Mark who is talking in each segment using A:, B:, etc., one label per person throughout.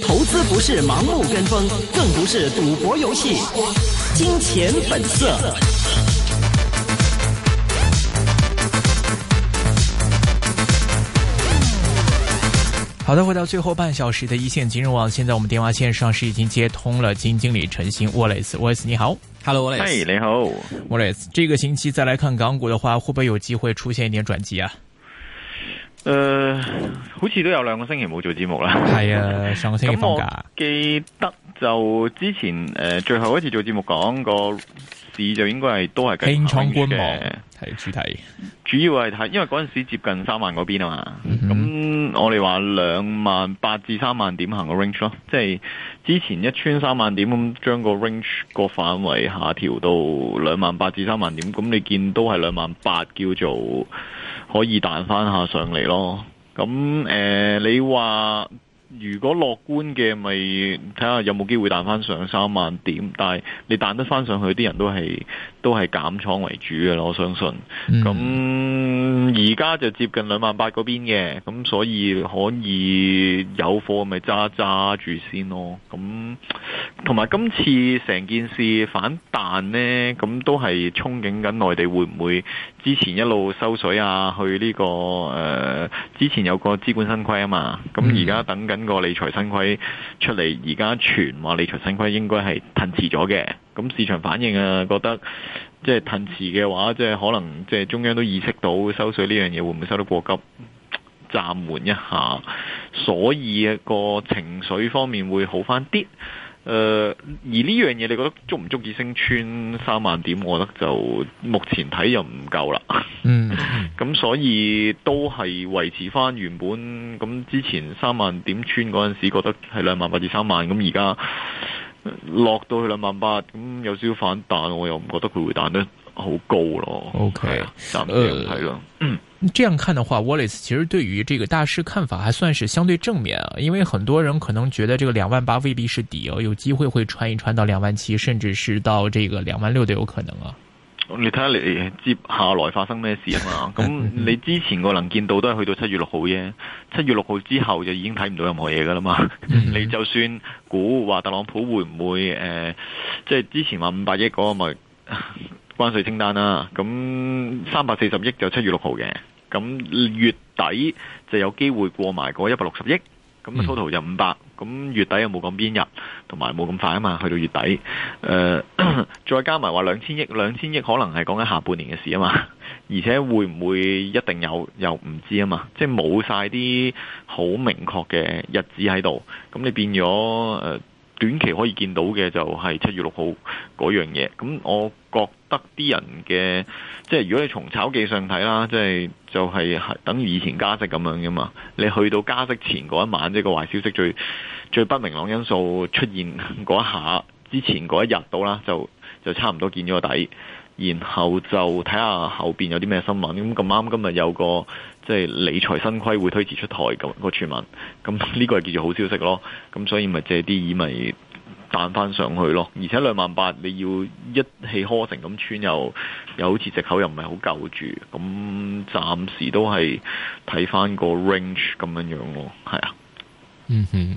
A: 投資不
B: 是盲目跟風，更不是賭博遊戲，金錢本色。
A: 好的，回到最後半小時的一線金融網，現在我們電話線上是已經接通了基金經理陳昕 Wallace Wallace，Wall 你好，Hello Wallace，、hey, 哎，你好，Wallace，這個星期再來看港股的話，會不會有機會出現一點轉機啊？
B: 誒、呃，好似都有兩個星期冇做節目啦。係啊，上個星期放假。我記得就之前誒、呃，最後一次做節目講個市就應該係都係輕倉觀望，係主題。主要係睇，因為嗰陣時接近三萬嗰邊啊嘛。咁、嗯、哼我哋話兩萬八至三萬點行個 range 咯，即係之前一穿三萬點咁，將個 range 個範圍下調到兩萬八至三萬點。咁你見都係兩萬八叫做。可以彈翻下上嚟咯，咁誒、呃，你話如果樂觀嘅，咪睇下有冇機會彈翻上三萬點，但係你彈得翻上去啲人都係。都係減倉為主嘅，我相信。咁而家就接近兩萬八嗰邊嘅，咁所以可以有貨咪揸揸住先咯。咁同埋今次成件事反彈呢，咁都係憧憬緊內地會唔會之前一路收水啊？去呢、這個誒、呃，之前有個資管新規啊嘛。咁而家等緊個理財新規出嚟，而家傳話理財新規應該係褪遲咗嘅。咁市場反應啊，覺得即係騰池嘅話，即係可能即係中央都意識到收水呢樣嘢會唔會收得過急，暫緩一下，所以個情緒方面會好翻啲。誒、呃，而呢樣嘢你覺得足唔足以升穿三萬點？我覺得就目前睇又唔夠啦，嗯。嗯，咁所以都係維持翻原本咁之前三萬點穿嗰陣時，覺得係兩萬八至三萬咁而家。落到去兩萬八，咁有少少反彈，我又唔覺得佢會彈得好高咯。O K，暫定係咯。嗯，
A: 這樣看的話，Wallace 其實對於這個大市看法還算是相對正面啊，因為很多人可能覺得這個兩萬八未必是底哦，有機會會穿一穿到兩萬七，甚至是到這個兩萬六都有可能啊。
B: 你睇下你接下來發生咩事啊嘛？咁你之前個能見到都係去到七月六號啫，七月六號之後就已經睇唔到任何嘢噶啦嘛。你就算估話特朗普會唔會誒，即、呃、係、就是、之前話五百億嗰個咪關稅清單啦。咁三百四十億就七月六號嘅，咁月底就有機會過埋嗰一百六十億。咁 total 就五百，咁、嗯嗯、月底又冇講邊日，同埋冇咁快啊嘛，去到月底，誒、呃，再加埋話兩千億，兩千億可能係講緊下半年嘅事啊嘛，而且會唔會一定有又唔知啊嘛，即係冇曬啲好明確嘅日子喺度，咁你變咗、呃、短期可以見到嘅就係七月六號嗰樣嘢，咁我覺。啲人嘅，即係如果你從炒技上睇啦，即係就係等於以前加息咁樣噶嘛。你去到加息前嗰一晚，即係個壞消息最最不明朗因素出現嗰一下之前嗰一日到啦，就就差唔多見咗個底，然後就睇下後邊有啲咩新聞。咁咁啱今日有個即係理財新規會推遲出台咁個傳聞，咁呢個係叫做好消息咯。咁所以咪借啲意咪。彈翻上去咯，而且兩萬八你要一氣呵成咁穿又，又好似藉口又唔係好夠住，咁暫時都係睇翻個 range 咁樣樣咯，係啊。
A: 嗯哼。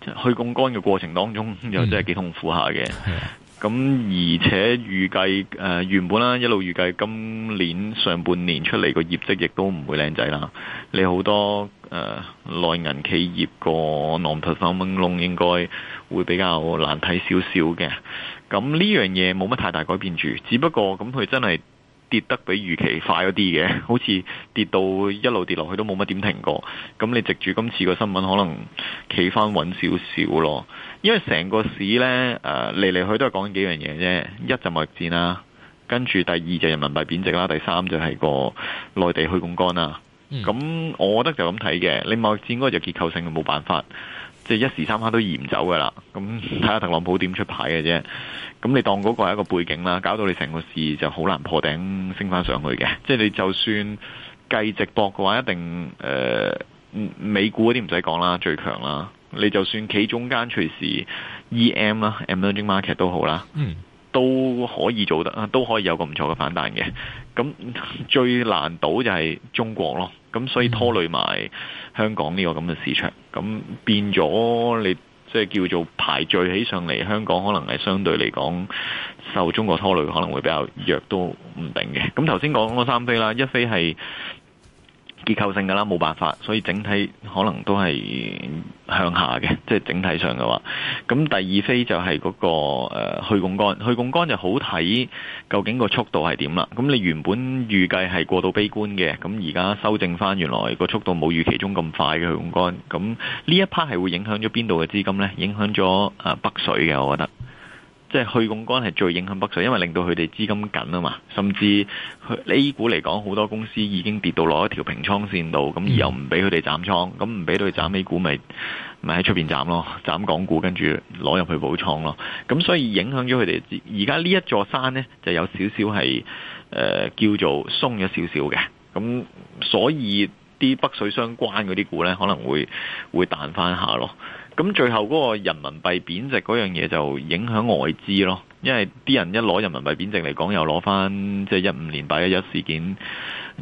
B: 去槓桿嘅過程當中，又真係幾痛苦下嘅，咁、嗯、而且預計誒原本啦一路預計今年上半年出嚟個業績亦都唔會靚仔啦，你好多誒內銀企業個 non performing loan 應該會比較難睇少少嘅，咁呢樣嘢冇乜太大改變住，只不過咁佢、嗯、真係。跌得比預期快一啲嘅，好似跌到一路跌落去都冇乜點停過。咁你藉住今次個新聞，可能企翻穩少少咯。因為成個市咧，誒嚟嚟去去都係講緊幾樣嘢啫。一就貿易戰啦，跟住第二就人民幣貶值啦，第三就係個內地去槓桿啦。咁、嗯、我覺得就咁睇嘅。你貿易戰應該就結構性嘅冇辦法。即係一時三刻都移唔走噶啦，咁睇下特朗普點出牌嘅啫。咁你當嗰個係一個背景啦，搞到你成個市就好難破頂升翻上去嘅。即係你就算計值博嘅話，一定誒、呃、美股嗰啲唔使講啦，最強啦。你就算企中間隨時 EM 啦，Emerging Market 都好啦，嗯、都可以做得啊，都可以有個唔錯嘅反彈嘅。咁最難倒就係中國咯。咁所以拖累埋香港呢個咁嘅市場，咁變咗你即係、就是、叫做排序起上嚟，香港可能係相對嚟講受中國拖累可能會比較弱都唔定嘅。咁頭先講嗰三飛啦，一飛係。結構性嘅啦，冇辦法，所以整體可能都係向下嘅，即係整體上嘅話。咁第二飛就係嗰個去槓桿，去槓桿就好睇究竟個速度係點啦。咁你原本預計係過度悲觀嘅，咁而家修正翻原來個速度冇預期中咁快嘅去槓桿。咁呢一 part 係會影響咗邊度嘅資金呢？影響咗誒北水嘅，我覺得。即係去槓桿係最影響北水，因為令到佢哋資金緊啊嘛，甚至 A 股嚟講，好多公司已經跌到落一條平倉線度，咁又唔俾佢哋斬倉，咁唔俾到佢斬 A 股，咪咪喺出邊斬咯，斬港股，跟住攞入去補倉咯，咁所以影響咗佢哋。而家呢一座山呢，就有少少係誒叫做鬆咗少少嘅，咁所以啲北水相關嗰啲股呢，可能會會彈翻下咯。咁最後嗰個人民幣貶值嗰樣嘢就影響外資咯，因為啲人一攞人民幣貶值嚟講，又攞翻即係一五年八一一事件。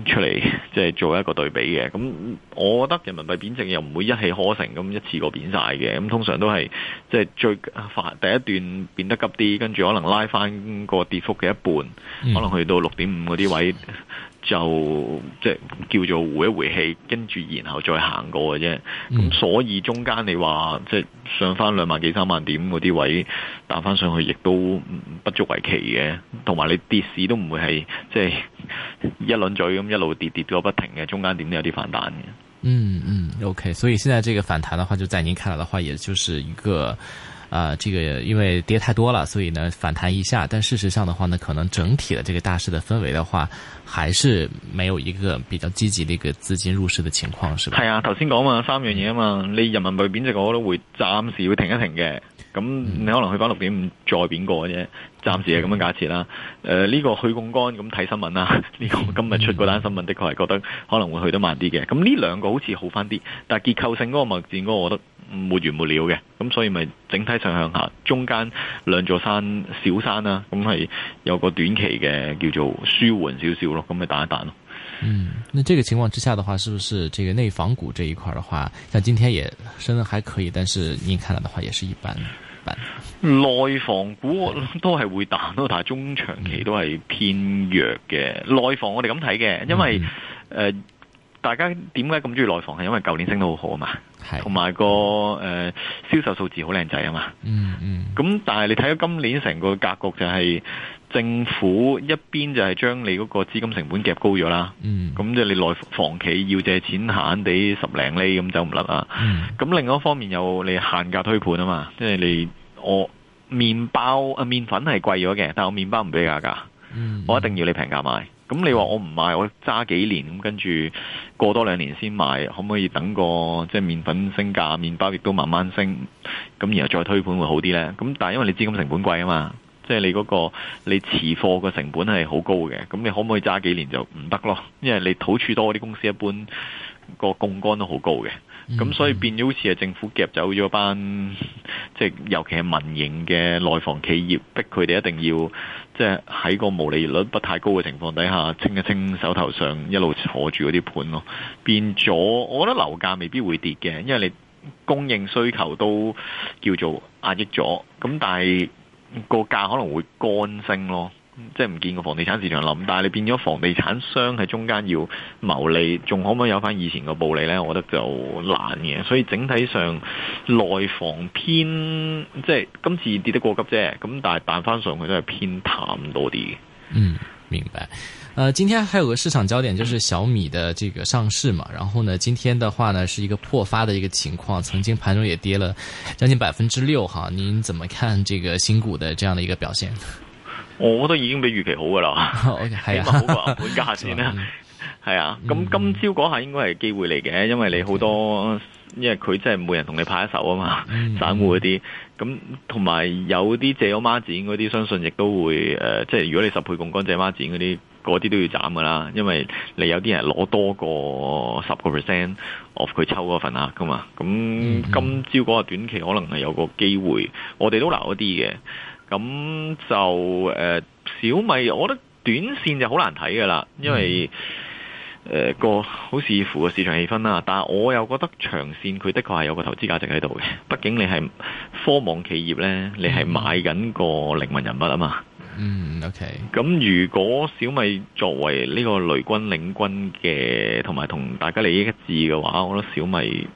B: 出嚟即係做一個對比嘅，咁我覺得人民幣貶值又唔會一氣呵成咁一次過貶曬嘅，咁通常都係即係最快第一段變得急啲，跟住可能拉翻個跌幅嘅一半，嗯、可能去到六點五嗰啲位就即係、就是、叫做回一回氣，跟住然後再行過嘅啫。咁、嗯、所以中間你話即係上翻兩萬幾三萬點嗰啲位打翻上去，亦都不足為奇嘅。同埋你跌市都唔會係即係一輪嘴咁。一路跌跌咗不停嘅，中間點都有啲反彈嘅、嗯。
A: 嗯嗯，OK，所以現在這個反彈的話，就在您看來的話，也就是一個啊、呃，這個因為跌太多了，所以呢反彈一下。但事實上的話呢，可能整體的這個大市的氛圍的話，還是沒有一個比較積極的一個資金入市的情況，是吧？
B: 係啊，頭先講嘛，三樣嘢啊嘛，嗯、你人民幣貶值我都會暫時會停一停嘅。咁、嗯、你可能去翻六點五再變過嘅啫，暫時係咁樣假設啦。呢、呃這個去槓桿咁睇新聞啦，呢、這個今日出嗰單新聞的確係覺得可能會去得慢啲嘅。咁呢兩個好似好翻啲，但係結構性嗰個物業嗰個，我覺得沒完沒了嘅。咁所以咪整體上向下，中間兩座山小山啦、啊，咁係有個短期嘅叫做舒緩少少咯，咁咪彈一彈咯。嗯，
A: 呢這個情況之下的話，是不是這個內房股這一塊的話，像今天也升得還可以，但是您看來的話也是一般。
B: 內房股都係會彈咯，但係中長期都係偏弱嘅。內房我哋咁睇嘅，因為誒、嗯呃，大家點解咁中意內房？係因為舊年升得好好啊嘛，同埋是的 個誒銷、呃、售數字好靚仔啊嘛。嗯咁、嗯、但係你睇到今年成個格局就係政府一邊就係將你嗰個資金成本夾高咗啦。嗯。咁即係你內房,房企要借錢閒閒地十零厘咁走唔甩啊。嗯。咁另外一方面有你限價推盤啊嘛，即係你。我麵包啊麵粉係貴咗嘅，但係我麵包唔俾價噶，我一定要你平價買。咁你話我唔賣，我揸幾年，咁跟住過多兩年先賣，可唔可以等個即係麵粉升價，麵包亦都慢慢升，咁然後再推盤會好啲咧？咁但係因為你資金成本貴啊嘛，即係你嗰個你持貨個成本係好高嘅，咁你可唔可以揸幾年就唔得咯？因為你土儲多啲公司一般個槓桿都好高嘅。咁、嗯、所以變咗好似係政府夾走咗班，即係尤其係民營嘅內房企業，逼佢哋一定要即係喺個毛利率不太高嘅情況底下，清一清手頭上一路坐住嗰啲盤咯。變咗，我覺得樓價未必會跌嘅，因為你供應需求都叫做壓抑咗，咁但係個價可能會乾升咯。即係唔見個房地產市場冧，但係你變咗房地產商喺中間要牟利，仲可唔可以有翻以前個暴利呢？我覺得就難嘅。所以整體上內房偏即係今次跌得過急啫，咁但係彈翻上去都係偏淡多啲。嗯，明白。呃，
A: 今天還有個市場焦點就是小米的這個上市嘛。然後呢，今天的話呢是一個破發的一個情況，曾經盤中也跌了將近百分之六哈。您怎麼看這個新股的這樣的一個表現？
B: 我都已經比預期好噶啦，起 好過本價錢啦。係 啊，咁今朝嗰下應該係機會嚟嘅，因為你好多， 因為佢真係每人同你派一手啊嘛， 散戶嗰啲，咁同埋有啲借孖展嗰啲，相信亦都會、呃、即係如果你十倍槓桿借孖展嗰啲，嗰啲都要斬噶啦，因為你有啲人攞多過十個 percent of 佢抽嗰份額噶嘛。咁今朝嗰個短期可能係有個機會，我哋都留一啲嘅。咁就誒、呃、小米，我覺得短線就好難睇㗎啦，因為誒個、嗯呃、好視乎個市場氣氛啦。但係我又覺得長線佢的確係有個投資價值喺度嘅，畢竟你係科網企業呢，你係買緊個靈魂人物啊嘛。
A: 嗯，OK。
B: 咁如果小米作為呢個雷軍領軍嘅，同埋同大家利益一致嘅話，我覺得小米。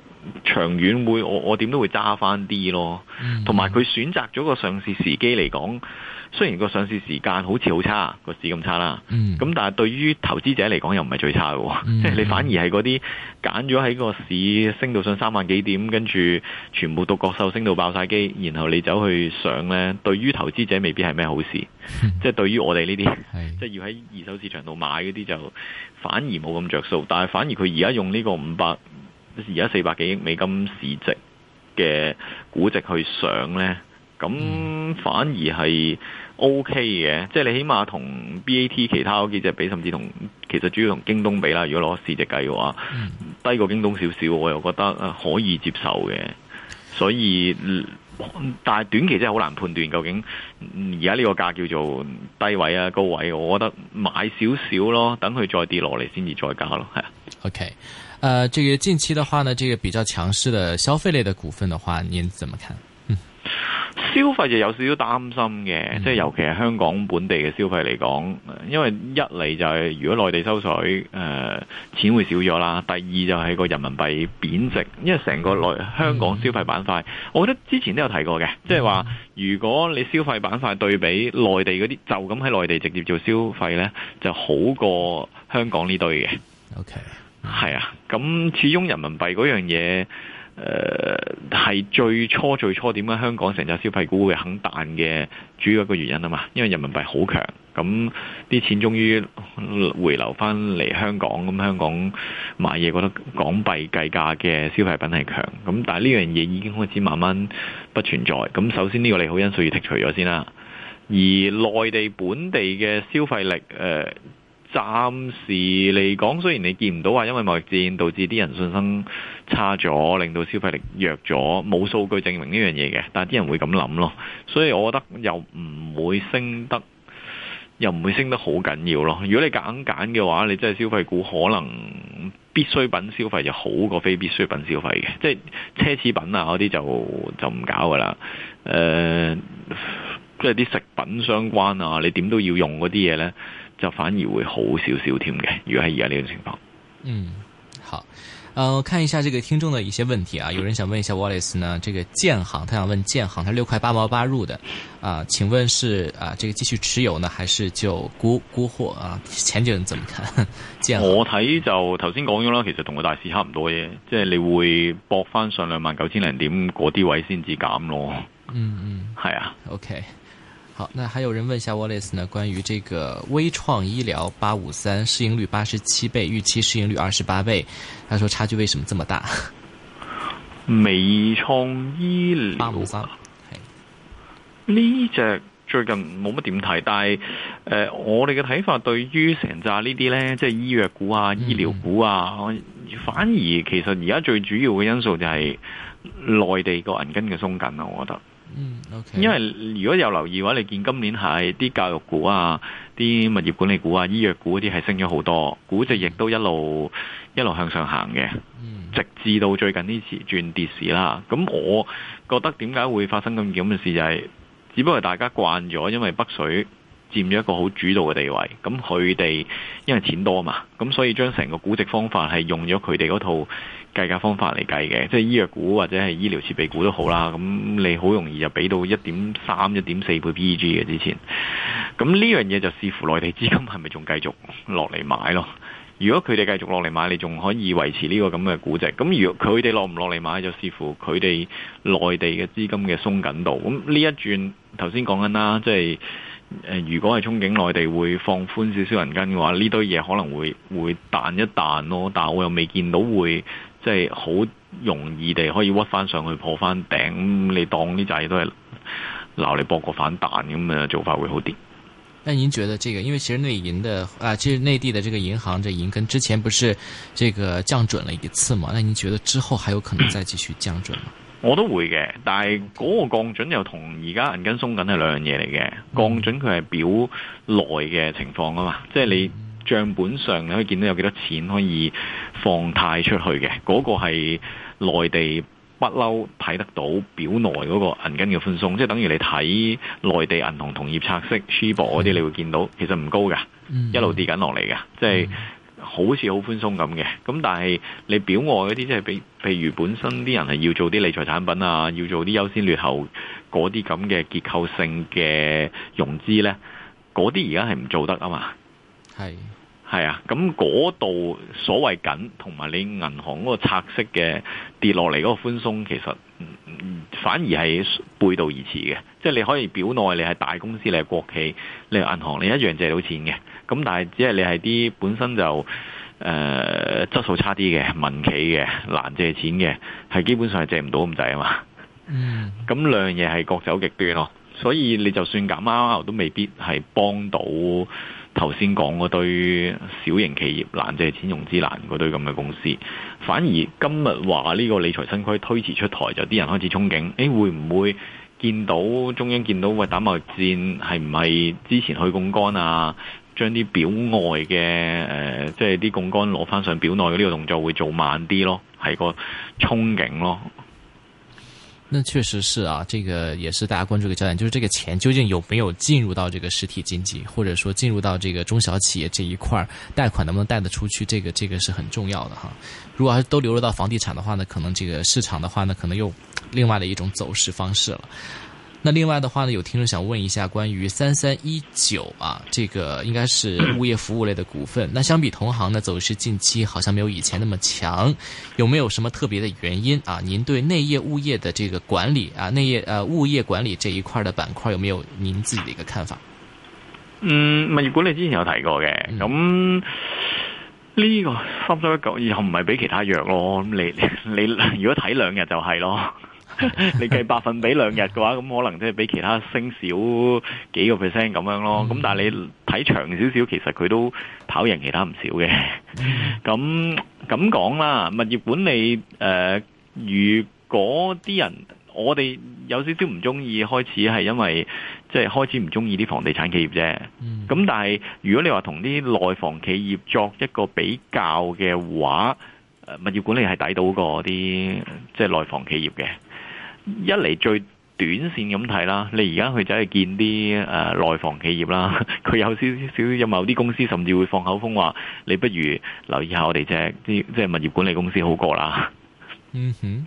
B: 長遠會我我點都會揸翻啲咯，同埋佢選擇咗個上市時機嚟講，雖然個上市時間好似好差，個市咁差啦，咁、嗯、但係對於投資者嚟講又唔係最差嘅，即係、嗯、 你反而係嗰啲揀咗喺個市升到上三萬幾點，跟住全部獨角獸升到爆晒機，然後你走去上呢，對於投資者未必係咩好事，即係 對於我哋呢啲即係要喺二手市場度買嗰啲就反而冇咁着數，但係反而佢而家用呢個五百。而家四百幾億美金市值嘅估值去上呢，咁反而係 O K 嘅，即係你起碼同 B A T 其他嗰幾隻比，甚至同其實主要同京東比啦。如果攞市值計嘅話，低過京東少少，我又覺得可以接受嘅。所以，但係短期真係好難判斷究竟而家呢個價叫做低位啊，高位。我覺得買少少咯，等佢再跌落嚟先至再加咯，係啊。
A: OK，誒、呃，這個近期的話呢，這個比較強勢的消費類的股份的話，你怎麼看？嗯、
B: 消費就有少少擔心嘅，即係、嗯、尤其係香港本地嘅消費嚟講，因為一嚟就係如果內地收水，誒、呃，錢會少咗啦，第二就係個人民幣貶值，因為成個內香港消費板塊，嗯、我覺得之前都有提過嘅，嗯、即係話如果你消費板塊對比內地嗰啲，就咁喺內地直接做消費呢，就好過香港呢堆嘅。OK。咁始終人民幣嗰樣嘢，誒、呃、係最初最初點解香港成隻消費股會肯彈嘅主要一個原因啊嘛，因為人民幣好強，咁啲錢終於回流翻嚟香港，咁香港買嘢覺得港幣計價嘅消費品係強，咁但係呢樣嘢已經開始慢慢不存在。咁首先呢個利好因素要剔除咗先啦，而內地本地嘅消費力誒。呃暫時嚟講，雖然你見唔到話，因為貿易戰導致啲人信心差咗，令到消費力弱咗，冇數據證明呢樣嘢嘅，但係啲人會咁諗咯。所以我覺得又唔會升得，又唔會升得好緊要咯。如果你揀揀嘅話，你真係消費股，可能必需品消費就好過非必需品消費嘅，即係奢侈品啊嗰啲就就唔搞噶啦。誒、呃，即係啲食品相關啊，你點都要用嗰啲嘢呢？就反而會好少少添嘅，如果係而家呢種情況。
A: 嗯，好，呃，看一下這個聽眾的一些問題啊，有人想問一下 Wallace 呢，這個建行，他想問建行，他六塊八毛八入的，啊、呃，請問是啊、呃，這個繼續持有呢，還是就沽沽貨啊？前景怎
B: 麼看？建行，我睇就頭先講咗啦，其實同個大市差唔多嘅，即係你會搏翻上兩萬九千零點嗰啲位先至減咯。嗯嗯，係、嗯、啊，OK。
A: 好，那還有人問一下 Wallace 呢？關於這個微創醫療八五三市盈率八十七倍，預期市盈率二十八倍，他說差距為什麼這麼大？
B: 微創醫療八五三呢隻最近冇乜點睇，但係、呃、我哋嘅睇法對於成扎呢啲呢，即係醫藥股啊、醫療股啊，嗯、反而其實而家最主要嘅因素就係內地個銀根嘅鬆緊啊。我覺得。嗯，因為如果有留意嘅話，你見今年係啲教育股啊、啲物業管理股啊、醫藥股啲係升咗好多，估值亦都一路一路向上行嘅，直至到最近呢次轉跌市啦。咁我覺得點解會發生咁嘅事，就係，就係只不過大家慣咗，因為北水。佔咗一個好主導嘅地位，咁佢哋因為錢多嘛，咁所以將成個估值方法係用咗佢哋嗰套計價方法嚟計嘅，即係醫藥股或者係醫療設備股都好啦。咁你好容易就俾到一點三、一點四倍 PEG 嘅之前。咁呢樣嘢就視乎內地資金係咪仲繼續落嚟買咯。如果佢哋繼續落嚟買，你仲可以維持呢個咁嘅估值。咁如果佢哋落唔落嚟買，就視乎佢哋內地嘅資金嘅鬆緊度。咁呢一轉頭先講緊啦，即係。就是誒，如果係憧憬內地會放寬少少銀根嘅話，呢堆嘢可能會會彈一彈咯。但係我又未見到會即係好容易地可以屈翻上去破翻頂，嗯。你當啲債都係鬧嚟博個反彈咁嘅做法會好啲。
A: 那您覺得這個，因為其實內銀的啊，其實內地的這個銀行這銀根之前不是這個降準了一次嘛？那您覺得之後還有可能再繼續降準嗎？
B: 我都會嘅，但係嗰個降準又同而家銀根鬆緊係兩樣嘢嚟嘅。降準佢係表內嘅情況啊嘛，即係你帳本上你可以見到有幾多錢可以放貸出去嘅，嗰個係內地不嬲睇得到表內嗰個銀根嘅寬鬆，即係等於你睇內地銀行同業拆息、Shibor 嗰啲，hmm. 你會見到其實唔高㗎，一路跌緊落嚟嘅，mm hmm. 即係。好似好寬鬆咁嘅，咁但係你表外嗰啲即係比，譬如本身啲人係要做啲理財產品啊，要做啲優先劣後嗰啲咁嘅結構性嘅融資呢，嗰啲而家係唔做得啊嘛。係係啊，咁嗰度所謂緊同埋你銀行嗰個拆息嘅跌落嚟嗰個寬鬆，其實反而係背道而馳嘅。即係你可以表內你係大公司，你係國企，你係銀行你一樣借到錢嘅。咁但係，只係你係啲本身就誒質、呃、素差啲嘅民企嘅難借錢嘅，係基本上係借唔到咁滯啊嘛。嗯。咁兩樣嘢係各走極端咯，所以你就算減 I O 都未必係幫到頭先講嗰堆小型企業難借錢融資難嗰堆咁嘅公司。反而今日話呢個理財新規推遲出台，就啲人開始憧憬，誒、哎、會唔會見到中央見到喂，打貿易戰係唔係之前去槓桿啊？將啲表外嘅誒，即係啲槓桿攞翻上表內嘅呢個動作會做慢啲咯，係個憧憬咯。
A: 那確實是啊，這個也是大家關注嘅焦點，就是這個錢究竟有沒有進入到這個實體經濟，或者說進入到這個中小企業這一塊，貸款能不能貸得出去？這個，這個是很重要的哈。如果係都流入到房地產的話呢，可能這個市場的話呢，可能又另外的一種走勢方式了。那另外的話呢，有聽眾想問一下關於三三一九啊，這個應該是物業服務類的股份。那相比同行呢，走勢近期好像沒有以前那麼強，有沒有什麼特別的原因啊？您對內業物業的這個管理啊，內業呃物業管理這一塊的板塊，有沒有您自己的一個看法？嗯，
B: 物業管理之前有提過嘅，咁呢個三三一九以後唔係比其他弱咯。咁你你如果睇兩日就係咯。 你計百分比兩日嘅話，咁可能即係比其他升少幾個 percent 咁樣咯。咁、mm. 但係你睇長少少，其實佢都跑贏其他唔少嘅。咁咁講啦，物業管理誒、呃，如果啲人我哋有少少唔中意，開始係因為即係、即係、開始唔中意啲房地產企業啫。咁、mm. 但係如果你話同啲內房企業作一個比較嘅話，誒，物業管理係抵到過啲即係內房企業嘅。一嚟最短線咁睇啦，你而家佢走去見啲誒、呃、內房企業啦，佢有少少有某啲公司甚至會放口風話，你不如留意下我哋啫，啲即係物業管理公司好過啦。嗯哼，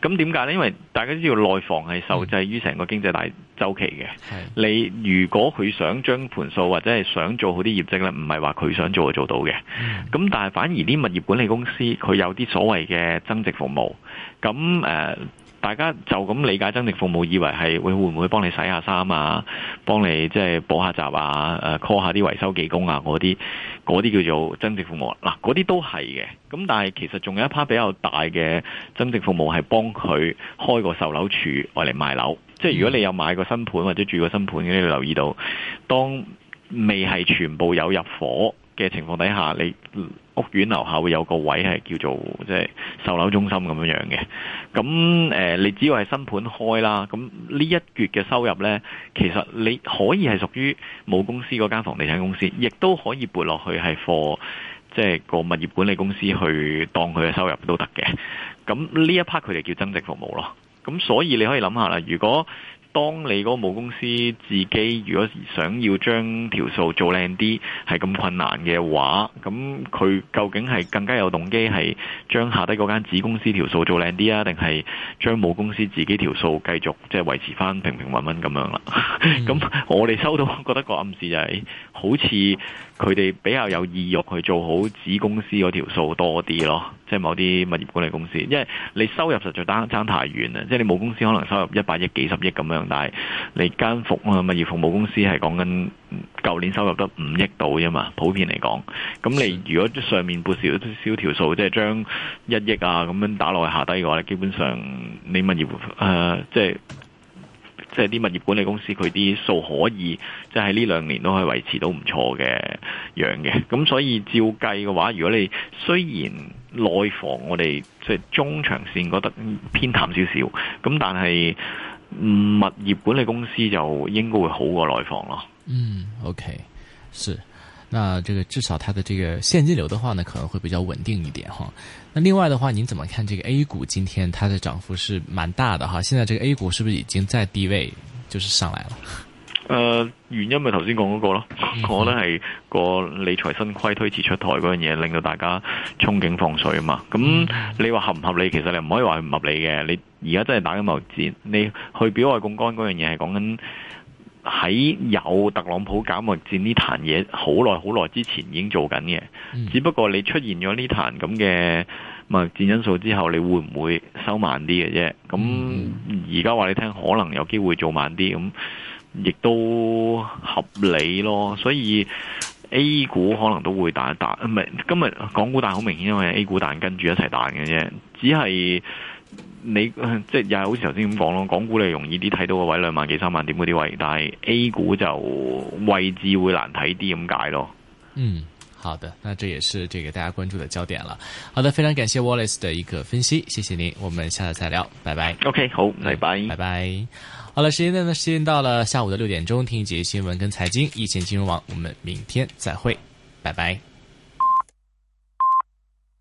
B: 咁點解呢？因為大家都知道內房係受制於成個經濟大周期嘅。嗯、你如果佢想將盤數或者係想做好啲業績呢，唔係話佢想做就做到嘅。咁、嗯、但係反而啲物業管理公司，佢有啲所謂嘅增值服務，咁誒。呃大家就咁理解增值服務，以為係會會唔會幫你洗下衫啊，幫你即係補下習啊，誒 call 下啲維修技工啊嗰啲，嗰啲叫做增值服務。嗱，嗰啲都係嘅。咁但係其實仲有一 part 比較大嘅增值服務係幫佢開個售樓處，愛嚟賣樓。即係如果你有買過新盤或者住過新盤，你留意到，當未係全部有入伙嘅情況底下，你。屋苑樓下會有個位係叫做即係售樓中心咁樣嘅，咁誒你只要係新盤開啦，咁呢一月嘅收入呢，其實你可以係屬於冇公司嗰間房地產公司，亦都可以撥落去係貨，即係個物業管理公司去當佢嘅收入都得嘅。咁呢一 part，佢哋叫增值服務咯。咁所以你可以諗下啦，如果。當你嗰個母公司自己如果想要將條數做靚啲，係咁困難嘅話，咁佢究竟係更加有動機係將下低嗰間子公司條數做靚啲啊，定係將母公司自己條數繼續即係、就是、維持翻平平穩穩咁樣啦、啊？咁、mm hmm. 我哋收到覺得個暗示就係好似。佢哋比較有意欲去做好子公司嗰條數多啲咯，即係某啲物業管理公司，因為你收入實在爭爭太遠啦，即係你母公司可能收入一百億幾十億咁樣，但係你間服啊物業服務公司係講緊舊年收入得五億度啫嘛，普遍嚟講，咁你如果上面撥少少條數，即係將一億啊咁樣打落去下低嘅話，基本上你物業誒、呃、即係。即係啲物業管理公司佢啲數可以，即係呢兩年都可以維持到唔錯嘅樣嘅，咁所以照計嘅話，如果你雖然內房我哋即係中長線覺得偏淡少少，咁但係物業管理公司就應該會好過內房咯。
A: 嗯，OK，是。那這個至少它的這個現金流的話呢，可能會比較穩定一點哈。那另外的話，您怎麼看這個 A 股今天它的漲幅是蠻大的哈？現在這個 A 股是不是已經在低位就是上來了？
B: 誒、呃，原因咪頭先講嗰個咯，嗯、我覺得係個理財新規推遲出台嗰樣嘢，令到大家憧憬放水啊嘛。咁你話合唔合理？嗯、其實你唔可以話唔合理嘅。你而家真係打緊貿易戰，你去表外槓杆嗰樣嘢係講緊。喺有特朗普搞貿戰呢壇嘢好耐好耐之前已經做緊嘅，只不過你出現咗呢壇咁嘅貿戰因素之後，你會唔會收慢啲嘅啫？咁而家話你聽，可能有機會做慢啲，咁亦都合理咯。所以 A 股可能都會彈一彈，唔係今日港股彈好明顯，因為 A 股彈跟住一齊彈嘅啫，只係。你即係又係好似頭先咁講咯，港股你容易啲睇到個位兩萬幾三萬點嗰啲位，但係 A 股就位置會難睇啲咁解咯。嗯，好的，
A: 那這也是這個大家關注的焦點了。好的，非常感謝 Wallace 的一個分析，謝謝你。我們下次再聊，拜拜。OK，好，拜拜，拜拜。好了，時間呢？時間到了，下午的六點鐘，聽一節新聞跟財經，一線金融網，我們明天再會，拜拜。